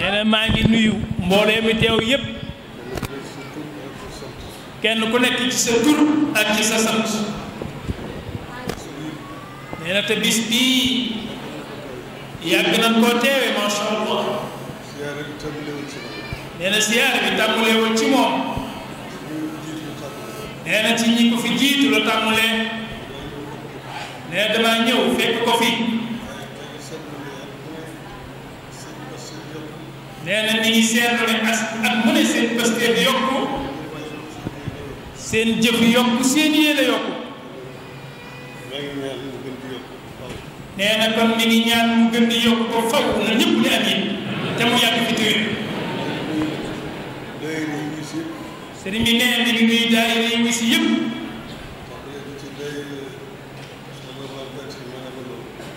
nee na maa ngi nuyu mboolee mi teew yépp kenn ku nekk ci sa tur ak ci sa sant nee te bis bii yàgg nañ koo teewe masha allah nee na ci moom nee ci ñi ko fi jiitu la tàmbulee nee damaa ñëw fekk ko fi nee na ñuy seetlu ne as at mu ne seen pasteef yokku seen jëf yokku seen yéene yokku nee kon mi ngi ñaan mu gën di yokku ko faw na ñëpp di am te mu yàgg fi téwé sëriñ bi nee na mi ngi daayira yi wis yëpp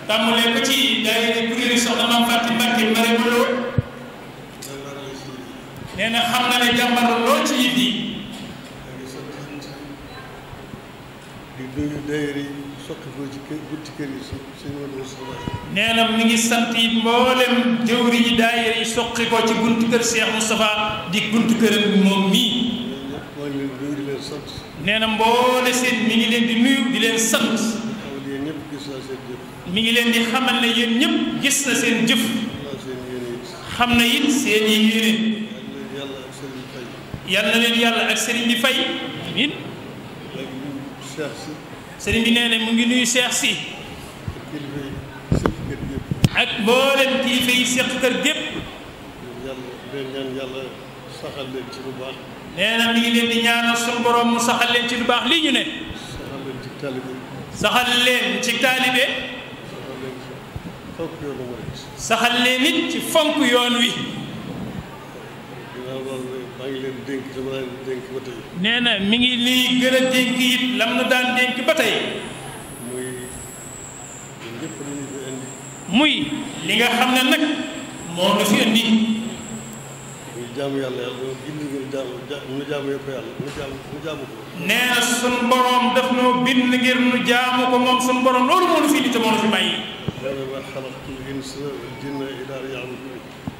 tàmmulee ko ci daayira kuréelu soxna Maam Fatou Mbacké Marème Lo nee na xam na ne jàmbar loo ci yit yi di nuyu mi ngi sant yi mboolem jëwri yi daayira yi soqi ko ci bunti kër Cheikh Moustapha di bunti këram moom mii nee na mboole seen mi ngi leen di nuyu di leen sant mi ngi leen di xamal ne yéen ñëpp gis na seen jëf xam na it seeni yi yéene yal na leen yàlla ak sëriñ bi fay amin sëriñ bi nee ne mu ngi nuyu seex si ak mboolem kilifa yi seq kër gépp nee na mi ngi leen di ñaanal suñu borom saxal leen ci lu baax lii ñu ne saxal leen ci taalibe saxal leen it ci fonk yoon wi maa ngi ma daan dénk ba tey. nee na mi ngi li gën a dénk it lam na daan dénk ba tey. muy muy li nga xam ne nag moo la fi indi. yàlla yàlla gindi ngeen ja nu jaamu ko yàlla nu jaamu nu na sunu borom daf noo bind ngir nu jaamu ko moom sunu borom loolu moo la fi indi te moo fi bàyyi.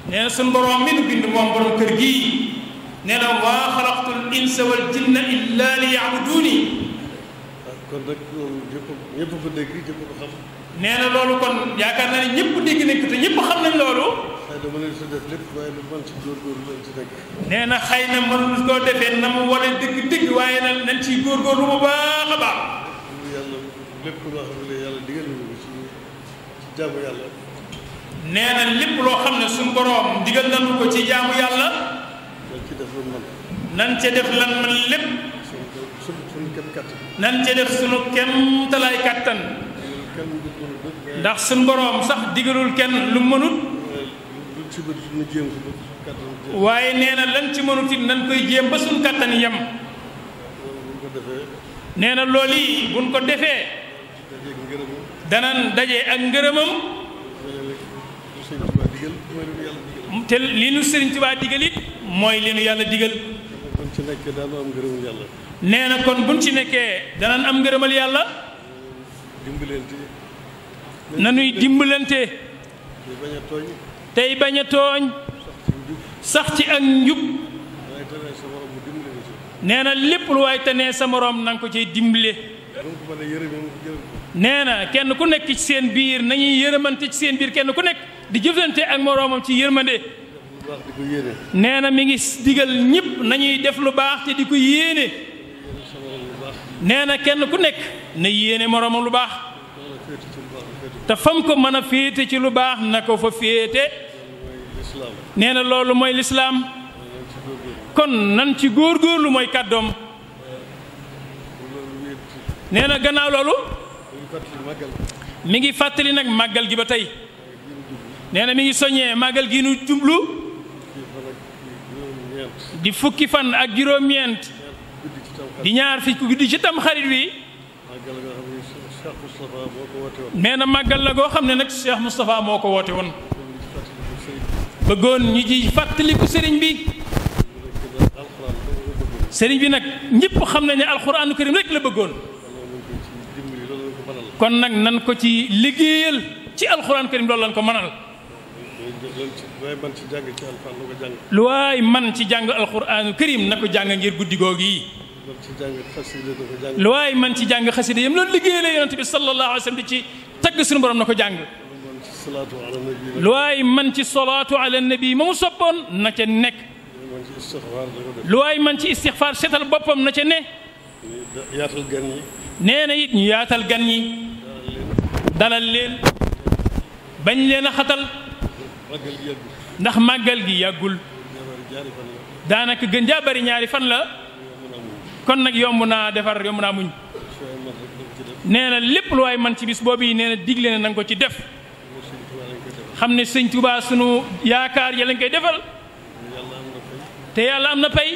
nee na sunu borom mi bind moom borom kër gii. nee na maa xalaqtul insa wal jinna illa li yaabuduuni kon nag loolu ñëpp ñëpp ko dégg ñëpp ko xam nee na loolu kon yaakaar naa ne ñëpp dégg nañ ko te ñëpp xam nañ loolu xëy na mënul si def lépp waaye nag man ci góorgóorlu lañ ci na xëy na mënul koo defee na mu war a dëgg dëgg waaye nag nañ ciy góorgóorlu bu baax a baax yàlla lépp loo xam ne yàlla digal nañu ci jaamu yàlla nee na lépp loo xam ne suñu boroom digal nañu ko ci jaamu yàlla ci def lan nan ca def lan man lépp nan cee def sunu kem talaay kàttan ndax suñ boroom sax digalul kenn lu mënut waaye nee na lan ci mënut it nan koy jéem ba suñ kàttan yem nee na lool yi buñ ko defee danan daje ak ngërëmam te li nu Sëriñ Tuubaa digal it mooy li nu yàlla digal. buñ ci nekkee daanu am ngërëmal nee na kon buñ ci nekkee danañ am ngërëmal yàlla. na nuy dimbalante. tey bañ a tooñ. tey a tooñ. sax ci ak njub. nee na lépp lu waay tane sa moroom na nga ko cay dimbale. nee na kenn ku nekk ci seen biir na nañuy yërëmante ci seen biir kenn ku nekk di jëflante ak moroomam ci yërmande. nee na mi ngi digal ñépp nañuy def lu baax te di ko yéene. nee na kenn ku nekk na yéene moroomam lu baax. te fam ko mën a féete ci lu baax na ko fa féete. nee na loolu mooy lislaam kon nan ci góor góorgóorlu mooy kàddoom. nee na gannaaw loolu. mi ngi fàttali nag màggal gi ba tey. nee na mi ngi soññee màggal gi nu jublu. di fukki fan ak juróom-ñeent di ñaar fi ku guddi ci tam xarit wi nee na màggal la goo xam ne nag Cheikh Moustapha moo ko woote woon bëggoon ñu ci fàttaliku sëriñ bi sëriñ bi nag ñëpp xam nañ ne alxuraanu karim rek la bëggoon kon nag nan ko ci liggéeyal ci alxuraanu karim lool lañ ko mënal lu waay man ci jàng alxuraanu karim na ko jàng ngir guddi googu yi. lu waay man ci jàng xasida yam loolu liggéey la yonent bi sallallahu alayhi wa sallam di ci tagg suñu borom na ko jàng. lu waay man ci salaatu ala nabi ma mu soppoon na ca nekk. lu waay man ci istixfaar seetal boppam na ca ne. nee na it ñu yaatal gan ñi. dalal leen. bañ leen a xatal. ndax màggal gi yàggul daanaka gën jaa bari ñaari fan la kon nag yomb naa defar yomb naa muñ nee na lépp lu waay man ci bis boobu yi nee na digle na nanga ko ci def xam ne sëñ Tuubaa sunu yaakaar ya lañ koy defal te yàlla am na pay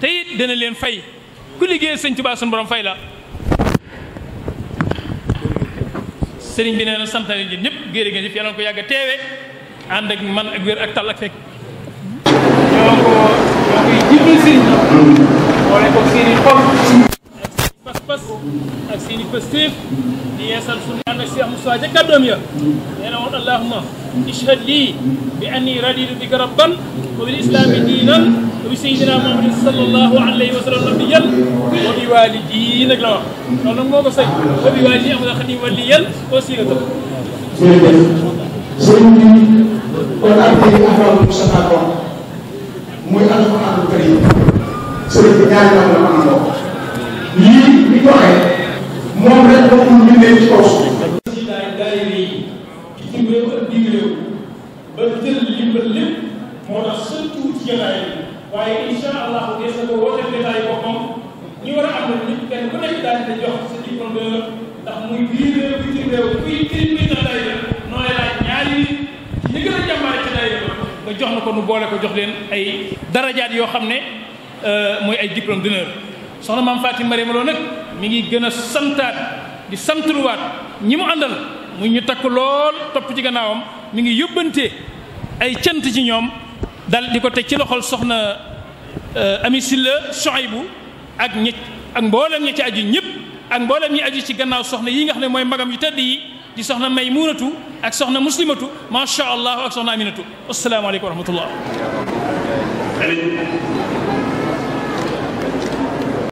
te dana leen fay ku liggéey sëñ Tuubaa sunu borom fay la sëriñ bi nee na santal jërë ngeen jëf yàlla na ko yàgg a teewe ànd ak man ak wér ak tal ak fekk ñoo ko ñoo koy jibal sëriñ bi boole ko seen i xol ak pas-pas ak seen i pëstéef di yeesal suñu ànd ak Cheikh Moussa ca kàddoom ya nee na woon allahuma ishhad lii bi anni raditu bika rabban وبالإسلام دينا وبسيدنا محمد صلى الله عليه وسلم نبيا وبوالدي nag la wax loolu nag moo ko sëñ وبوالدي am na xadim waliyan وسيلته sëñ bi kon ak tey ahmadu Mustafa ko muy alquran karim sëñ bi ñaari la ko am lii bi joxe moom rek muy biir réew bitim réew kuy ci ñi jox na ko nu boole ko jox leen ay darajaat yoo xam ne euh, mooy ay diplôme d'honneur soxna maam Fatim Mariama Lo nag mi ngi gën a santaat di santluwaat ñi mu àndal mu ñu takk lool topp ci gannaawam mi ngi yóbbante ay cant ci ñoom dal di ko teg ci loxol soxna euh, ami silla Sohaybu ak ñi ak mboolem ñi ci aju ñëpp ak mboolem ñi aju ci gannaaw soxna yi nga xam ne mooy magam yu tedd yi di soxna Maymunatu ak soxna muslimatu macha allah ak soxna aminatu asalaamaaleykum wa rahmatullah